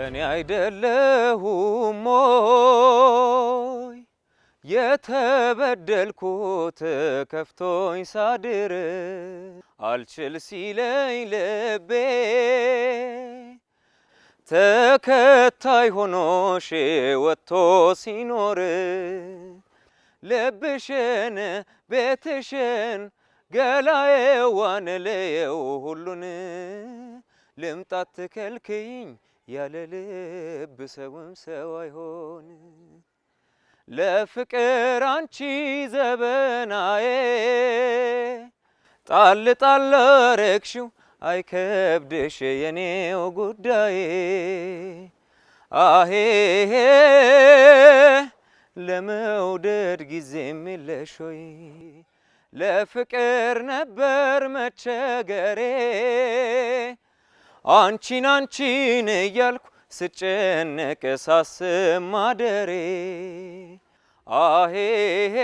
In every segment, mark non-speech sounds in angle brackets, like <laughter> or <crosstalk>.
እኔ አይደለሁም ሞይ የተበደልኩት ከፍቶኝ ሳድር አልችል ሲለኝ ልቤ ተከታይ ሆኖሽ ወጥቶ ሲኖር ልብሽን ቤትሽን ገላዬዋን ለየው ሁሉን ልምጣት ትከልክይኝ ያለ ልብ ሰውም ሰው አይሆን። ለፍቅር አንቺ ዘበናዬ ጣል ጣል አረግሽው አይከብድሽ የኔው ጉዳዬ አሄሄ ለመውደድ ጊዜ የለሽ ወይ? ለፍቅር ነበር መቸገሬ አንቺን አንቺን እያልኩ ስጨነቅ ሳስብ ማደሬ አሄሄ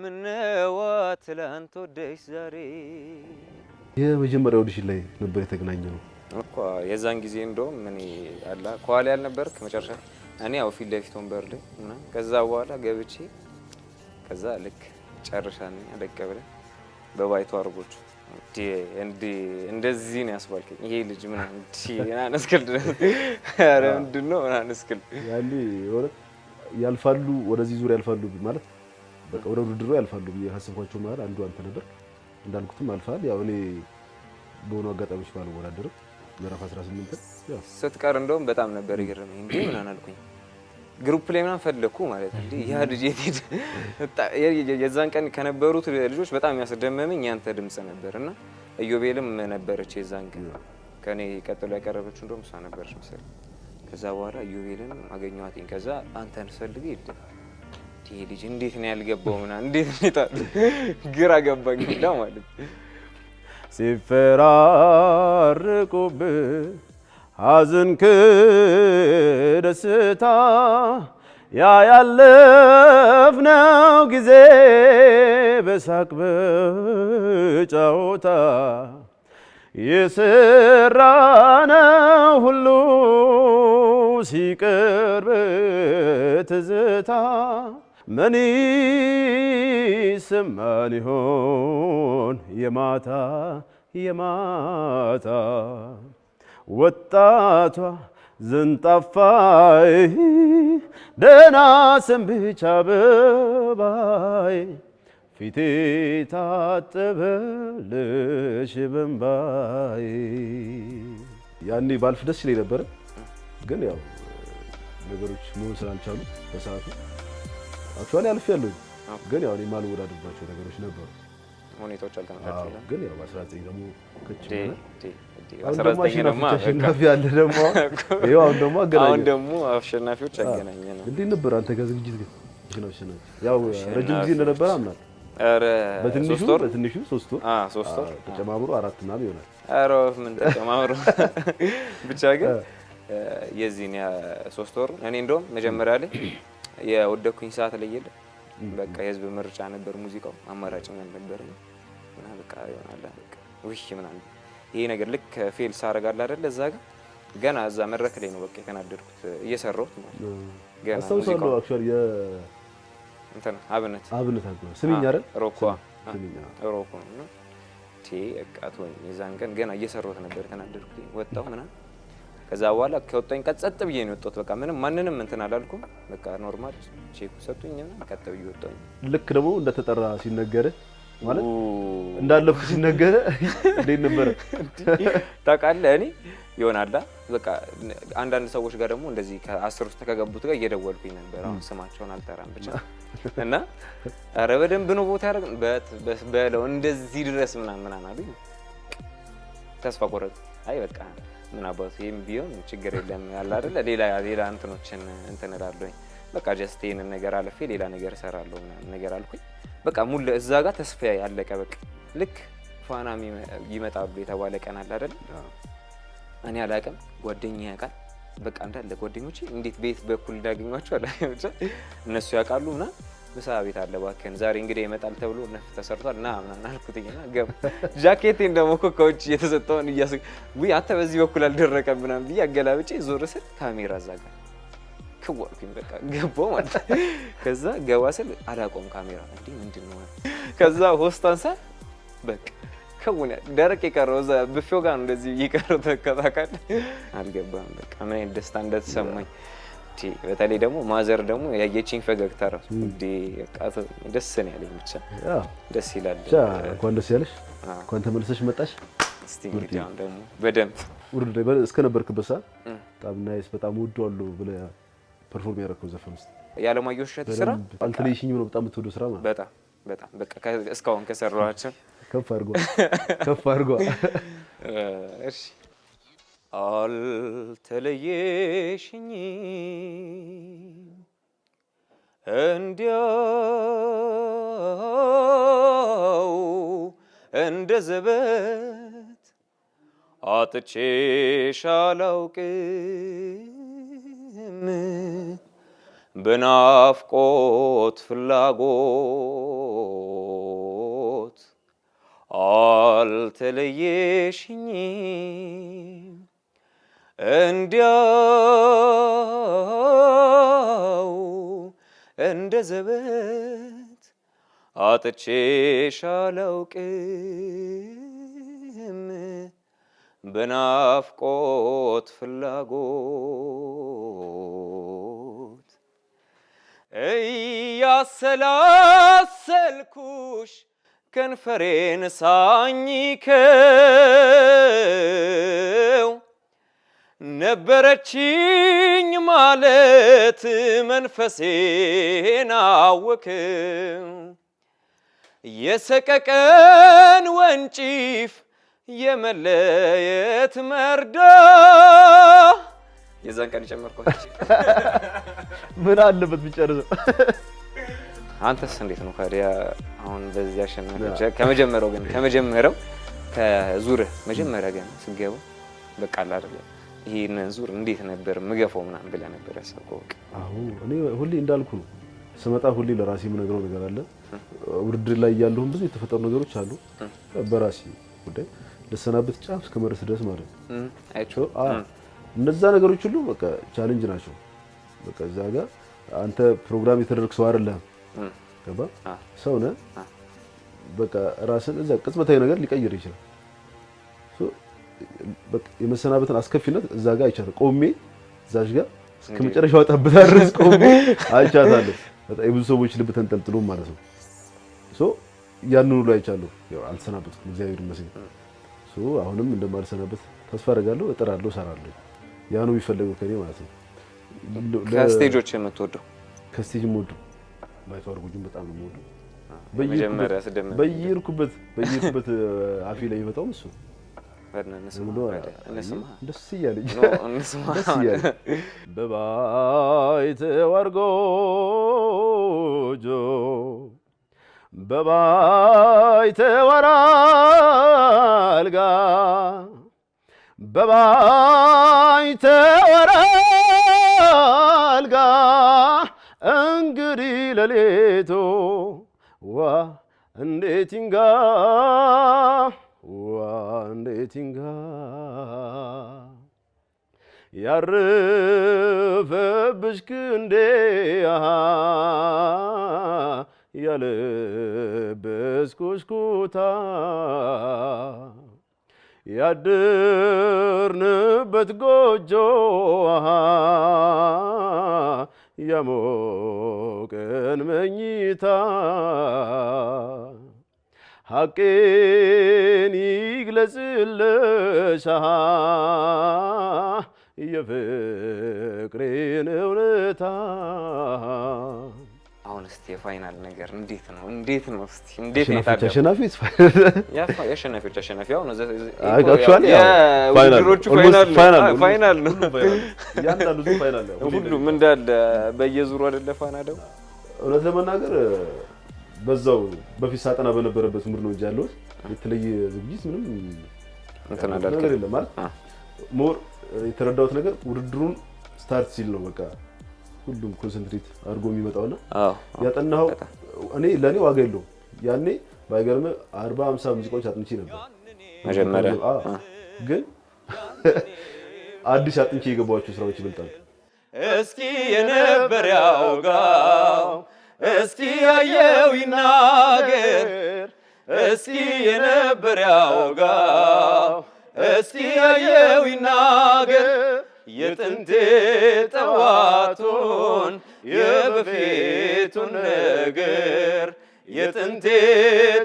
ምነዋ ትላንት ወደሽ ዛሬ። የመጀመሪያ ኦዲሽን ላይ ነበር የተገናኘ ነው እኮ የዛን ጊዜ እንደውም እኔ አላ ከኋላ ያልነበርክ መጨረሻ እኔ ያው ፊት ለፊት ወንበር ላይ እና ከዛ በኋላ ገብቼ ከዛ ልክ ጨርሻ ደቀ ብለን በባይቶ አድርጎች እንደዚህ ነው ያስባልከኝ። ይሄ ልጅ ምናምን እስክል ምንድን ነው ምናምን እስክል ያልፋሉ፣ ወደዚህ ዙር ያልፋሉ ማለት በቃ ወደ ውድድሩ ያልፋሉ ብዬ ካሰብኳቸው መሀል አንዱ አንተ ነበር። እንዳልኩትም አልፋል። ያው እኔ በሆኑ አጋጣሚዎች ባልወዳደርም ምዕራፍ 18 ስትቀር እንደውም በጣም ነበር ይገርም እንዴ ምናምን አልኩኝ ግሩፕ ላይ ምናምን ፈለኩ ማለት ነው። ያ ልጅ የዛን ቀን ከነበሩት ልጆች በጣም ያስደመመኝ ያንተ ድምጽ ነበር እና ኢዮቤልም ነበረች የዛን ቀን ከኔ ቀጥሎ ያቀረበችው እንደውም እሷ ነበረች መሰለኝ። ከዛ በኋላ ኢዮቤልን አገኘኋትኝ። ከዛ አንተን ፈልግ ይልሃል ይሄ ልጅ እንዴት ነው ያልገባው? ምናምን እንዴት ሁኔታ <laughs> ግራ ገባኝ። ዳ ማለት ሲፈራርቁብህ ሐዘንክ ደስታ ያ ያለፍነው ጊዜ በሳቅ በጨዋታ የሰራነው ሁሉ ሲቀር በትዝታ ምን ይሰማን ይሆን የማታ የማታ ወጣቷ ዝንጣፋይ ደህና ስም አበባይ ፊቴ ታጠበልሽ በንባይ። ያኔ ባልፍ ደስ ይለኝ ነበረ፣ ግን ያው ነገሮች መሆን ስላልቻሉ በሰዓቱ አክቹዋሊ አልፌያለሁ፣ ግን ያው እኔ የማልወዳድባቸው ነገሮች ነበሩ። ሁኔታዎች አልተመቻቸውም። ግን ያው በ19 ደግሞ ከች አሸናፊ አለ ደግሞ <laughs> አሁን ደግሞ አገናኘን። አሁን ደግሞ አሸናፊዎች ያገናኘ ነው። እንዴት ነበር አንተ ጋር ዝግጅት ግን? ያው ረጅም ጊዜ እንደነበረ አምናለሁ። በትንሹ በትንሹ ሶስት ወር ሶስት ወር ተጨማምሮ አራት ምናምን ይሆናል። ኧረ ምን ተጨማምሮ <laughs> ብቻ ግን የዚህን ሶስት ወር እኔ እንደውም መጀመሪያ ላይ የወደኩኝ ሰዓት ላይ የለ በቃ የህዝብ ምርጫ ነበር። ሙዚቃው አማራጭ አልነበረም። ምናምን በቃ ይሆናል በቃ ውይ ምናምን ይሄ ነገር ልክ ፌል ሳረጋል አይደል እዛ ጋር ገና እዛ መድረክ ላይ ነው በቃ የተናደድኩት እየሰራሁት ማለት ገና አስታውሳለሁ። አክቹዋሊ የ እንትና አብነት አብነት አግባ ስሚኝ አይደል ሮኮ ስሚኝ ሮኮ ነው ቲ አቃቶ የዛን ቀን ገና እየሰራሁት ነበር የተናደድኩት ወጣሁ ምናምን ከዛ በኋላ ከወጣኝ ቀን ብዬ ነው የወጣሁት። በቃ ምንም ማንንም እንትን አላልኩም። በቃ ኖርማል ቼኩ ሰጡኝ ቀጥ ብዬ ወጣሁኝ። ልክ ደግሞ እንደተጠራ ሲነገርህ ማለት እንዳለፍኩ ሲነገረ እንዴት ነበረ ታውቃለህ? እኔ ይሆናላ በቃ አንዳንድ ሰዎች ጋር ደግሞ እንደዚህ ከአስር ውስጥ ከገቡት ጋር እየደወልኩኝ ነበር። አሁን ስማቸውን አልጠራም ብቻ እና ኧረ በደንብ ነው ቦታ ያደርግ በለው እንደዚህ ድረስ ምናምን ምናምን አሉኝ። ተስፋ ቆረጥ። አይ በቃ ምን አባቱ ይህም ቢሆን ችግር የለም ያለ አይደለ ሌላ ሌላ እንትኖችን እንትን እላለሁኝ። በቃ ጀስት ይህንን ነገር አልፌ ሌላ ነገር እሰራለሁ ምናምን ነገር አልኩኝ። በቃ ሙሉ እዛ ጋር ተስፋ ያለቀ በቃ ልክ ፋና ይመጣሉ የተባለ ቀን አለ አይደል? እኔ አላውቅም፣ ጓደኛ ያውቃል። በቃ እንዳለ ጓደኞቼ እንዴት ቤት በኩል እንዳገኟቸው አለ ብቻ እነሱ ያውቃሉ እና ምሳ ቤት አለ እባክህን ዛሬ እንግዲህ ይመጣል ተብሎ ነፍ ተሰርቷል ና ምናምን አልኩትኝ እና ገባ ጃኬቴን ደግሞ እኮ ከውጭ የተሰጠውን እያስ አንተ በዚህ በኩል አልደረቀም ምናምን ብዬ አገላብጬ ዞር ስል ካሜራ እዛ ጋር ክወርኩኝ በቃ ገቦ ማለት ከዛ ገባ ስል አላቆም ካሜራ እንዴ ምንድን ነው ከዛ ሆስታን አንሳ በቃ ከውነ ደረቅ የቀረው እዛ ብፌው ጋር ነው እንደዚህ የቀረው ተከታካል አልገባም። በቃ ምን አይነት ደስታ እንደተሰማኝ በተለይ ደግሞ ማዘር ደግሞ ያየችኝ ፈገግታ ራሱ ደስ ነው ያለኝ። ብቻ ደስ ይላል። እንኳን ደስ ያለሽ፣ እንኳን ተመልሰሽ መጣሽ። ደግሞ በደንብ እስከነበርክበት ሰዓት በጣም ናይስ፣ በጣም አሉ ብለህ ፐርፎርም ያደረግከው ዘፈን ውስጥ የአለማየሁ እሸቴ ስራ አልተለየሽኝም ነው። በጣም የምትወደው ስራ ማለት በጣም በጣም በቃ እስካሁን ከሰራኋቸው <laughs> ከፍ አድርጓል፣ ከፍ አድርጓል። <laughs> እሺ አልተለየሽኝም እንዲያው እንደ ዘበት አጥቼሽ አላውቅም በናፍቆት ፍላጎት አልተለየሽኝም እንዲያው እንደ ዘበት አጥቼሽ አላውቅም። በናፍቆት ፍላጎት እያሰላሰልኩሽ ከንፈሬን ሳኝከው ነበረችኝ ማለት መንፈሴን አወክ የሰቀቀን ወንጪፍ የመለየት መርዶ የዛን ቀን ጨመርኳች። <laughs> ምን አለበት ቢጨርሰው። <laughs> አንተስ እንዴት ነው ታዲያ? አሁን በዚህ አሸናፊዎች ከመጀመሪያው ግን ከመጀመሪያው ከዙርህ መጀመሪያ ገና ስገቡ በቃ አለ አይደለ ይሄን ዙር እንዴት ነበር ምገፋው ምናምን ብለህ ነበር ያሰብከው? እኔ ሁሌ እንዳልኩ ነው ስመጣ ሁሌ ለራሴ የምነግረው ነገር አለ። ውድድር ላይ እያለሁም ብዙ የተፈጠሩ ነገሮች አሉ በራሴ ጉዳይ ልሰናበት ጫፍ እስከ መድረስ ድረስ ማለት ነው። እነዛ ነገሮች ሁሉ በቃ ቻሌንጅ ናቸው። በቃ እዛ ጋር አንተ ፕሮግራም የተደረግ ሰው አይደለም፣ ገባ ሰው ነህ። በቃ ራስን እዛ ቅጽበታዊ ነገር ሊቀይር ይችላል። የመሰናበትን አስከፊነት እዛ ጋር አይቻለሁ። ቆሜ እዛች ጋር እስከ መጨረሻው ጠብታ ድረስ ቆሜ አይቻታለሁ። በጣም የብዙ ሰዎች ልብ ተንጠልጥሎ ማለት ነው። ያንን ሁሉ አይቻለሁ። አልተሰናበትኩም፣ እግዚአብሔር ይመስገን። አሁንም እንደማልሰናበት ተስፋ አደርጋለሁ። እጥራለሁ፣ እሰራለሁ። ያ ነው የሚፈለገው ከኔ ማለት ነው። ከስቴጆች የምትወደው ከስቴጅ ሞዱ ማይተዋር ጉጁን በጣም ነው የምወደው። በየርኩበት በየሄድኩበት አፌ ላይ የሚመጣው እሱ ደስ እያለኝ በባይተዋር ጎጆ በባይተ ወራልጋ በባይተ ወራልጋ እንግዲህ ለሌቶ ዋ እንዴት ይንጋ ዋ እንዴት ይንጋ ያርፈብሽ ክንዴ የልብስ ኩስኩታ ያድርንበት ጎጆ የሞቅን መኝታ ሐቄን ይግለጽልሻ የፍቅሬን እውነታ እስቲ የፋይናል ነገር እንዴት ነው? እንዴት ነው? እስቲ እንዴት ነው ታዲያ? አሸናፊዎች አሸናፊዎች አሸናፊው ነው። አክቹዋሊ ውድድሮቹ ፋይናል ነው። እያንዳንዱ ፋይናል ነው። ሁሉም እንዳለ በየዙሩ አይደለ ፋና ደው እውነት ለመናገር በዛው በፊት ሳጠና በነበረበት ሙድ ነው እንጂ ያለሁት የተለየ ዝግጅት ምንም እንትን ነገር የለም ማለት ሞር የተረዳሁት ነገር ውድድሩን ስታርት ሲል ነው በቃ ሁሉም ኮንሰንትሬት አድርጎ የሚመጣውና ያጠናኸው እኔ ለእኔ ዋጋ የለውም። ያኔ ባይገርም አርባ አምሳ ሙዚቃዎች አጥንቼ ነበር መጀመሪያ፣ ግን <laughs> አዲስ አጥንቼ የገባቸው ስራዎች ይበልጣሉ። እስኪ የነበር ያውጋው፣ እስኪ ያየው ይናገር፣ እስኪ የነበር ያውጋው፣ እስኪ ያየው ይናገር የጥንት ጠዋቱን የበፊቱን ነገር የጥንት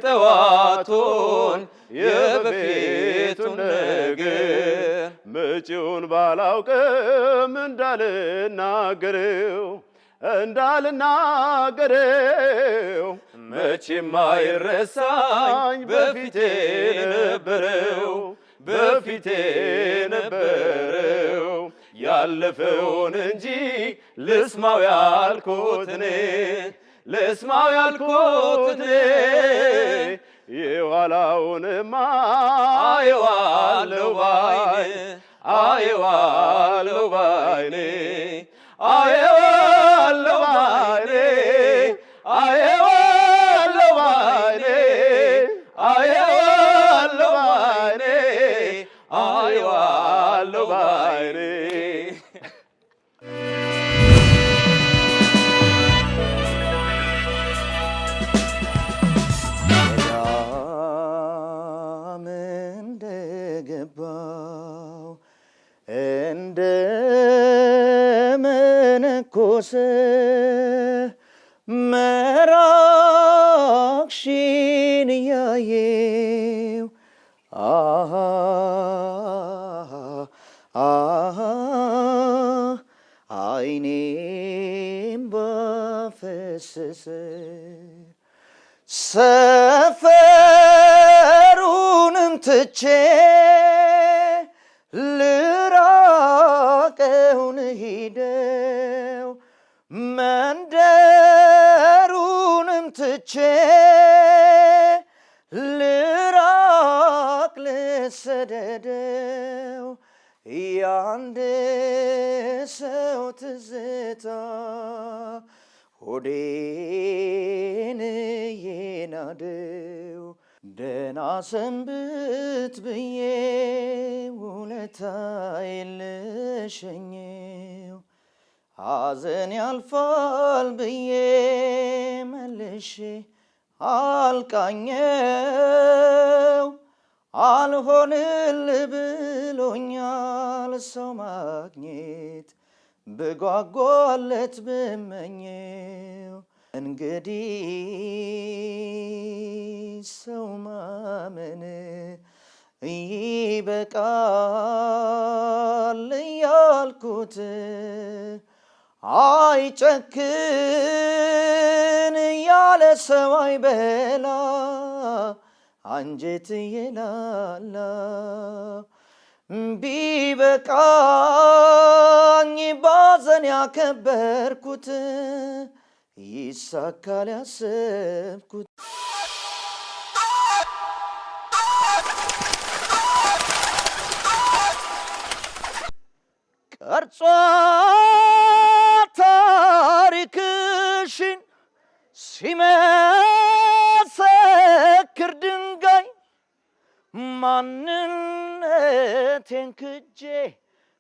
ጠዋቱን የበፊቱን ነገር መጪውን ባላውቅም እንዳልናገረው እንዳልናገረው መቼም አይረሳኝ በፊቴ ነበረው በፊቴ ነበረው ያለፈውን እንጂ ልስማው ያልኩትን ልስማው ያልኩትን የኋላውንማ አየዋለሁ ባይኔ አየዋለሁ ባይኔ አየዋለሁ ባይኔ yazı merak şiniyayım aha aha ah, ah. aynim bafesese seferunum tıçe lürak ehun hide ትቼ ልራቅ ልሰደደው ያንድ ሰው ትዝታ ሆዴን የናደው ደና ሰንብት ብዬ ውለታ የለሸኝ ሐዘን ያልፋል ብዬ መልሼ አልቃኘው አልሆንል ብሎኛል ሰው ማግኘት ብጓጓለት ብመኘው እንግዲህ ሰው ማመን ይበቃል እያልኩት አይጨክን ያለ ሰው አይበላ አንጀት የላላ ቢበቃኝ ባዘን ያከበርኩት ይሳካል ያሰብኩት። ቀርጿ tarikışın simese kırdın gay manın eten kıcce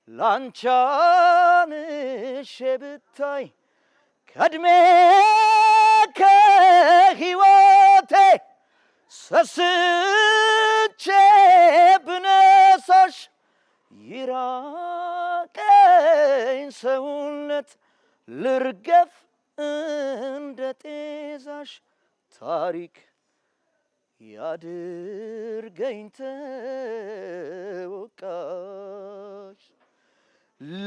lançanı şebitay kadme ke hivate sesi cebine saç yirak en sevunnet ልርገፍ እንደ ጤዛሽ ታሪክ ያድርገኝ ተወቃሽ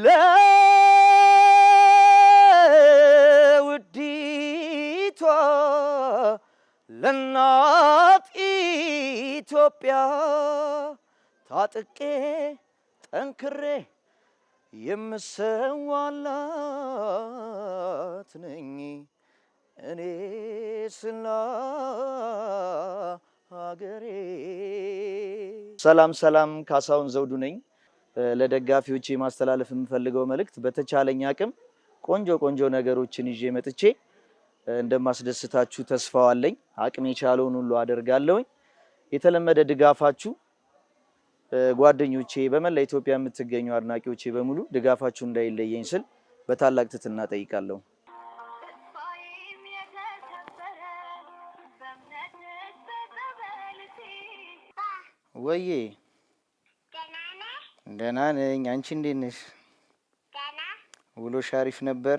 ለውዲቷ ለናት ኢትዮጵያ ታጥቄ ጠንክሬ የምሰዋላት ነኝ እኔ ስላ ሀገሬ። ሰላም ሰላም፣ ካሳሁን ዘውዱ ነኝ። ለደጋፊዎች ማስተላለፍ የምፈልገው መልእክት በተቻለኝ አቅም ቆንጆ ቆንጆ ነገሮችን ይዤ መጥቼ እንደማስደስታችሁ ተስፋዋለኝ። አቅም የቻለውን ሁሉ አደርጋለሁኝ። የተለመደ ድጋፋችሁ ጓደኞቼ በመላ ኢትዮጵያ የምትገኙ አድናቂዎቼ በሙሉ ድጋፋችሁ እንዳይለየኝ ስል በታላቅ ትህትና ጠይቃለሁ። ወዬ ደህና ነኝ። አንቺ እንዴት ነሽ? ውሎሽ አሪፍ ነበር?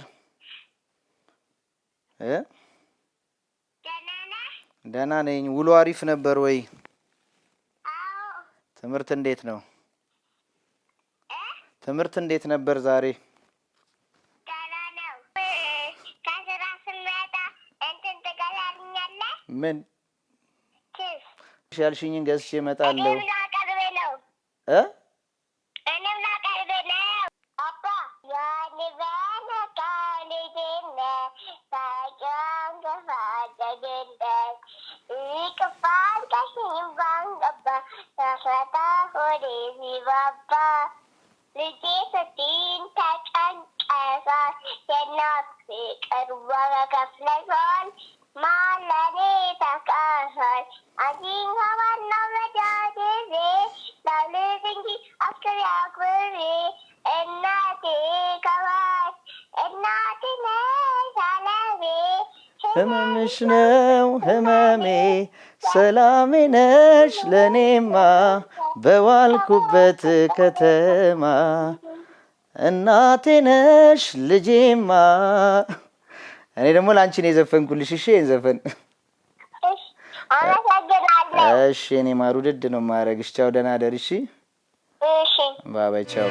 ደህና ነኝ። ውሎ አሪፍ ነበር ወይ? ትምህርት እንዴት ነው? ትምህርት እንዴት ነበር ዛሬ? ምን ያልሽኝን ገዝቼ እመጣለሁ። እኔም ላቀርብ ነው። Rada Hori Zivaba. Lucy's a teen tech and Eva. Then not speak and work a flesh on. Malani Takahar. I think I want no majority. Now living the ህመምሽ ነው ህመሜ ሰላሜ ነሽ ለኔማ በዋልኩበት ከተማ እናቴ ነሽ ልጄማ። እኔ ደግሞ ለአንቺ ነው የዘፈንኩልሽ። እሺ ዘፈን እሺ። እኔ ማሩ ድድ ነው ማረግሽ። ቻው፣ ደህና እሺ ባባይ ቻው።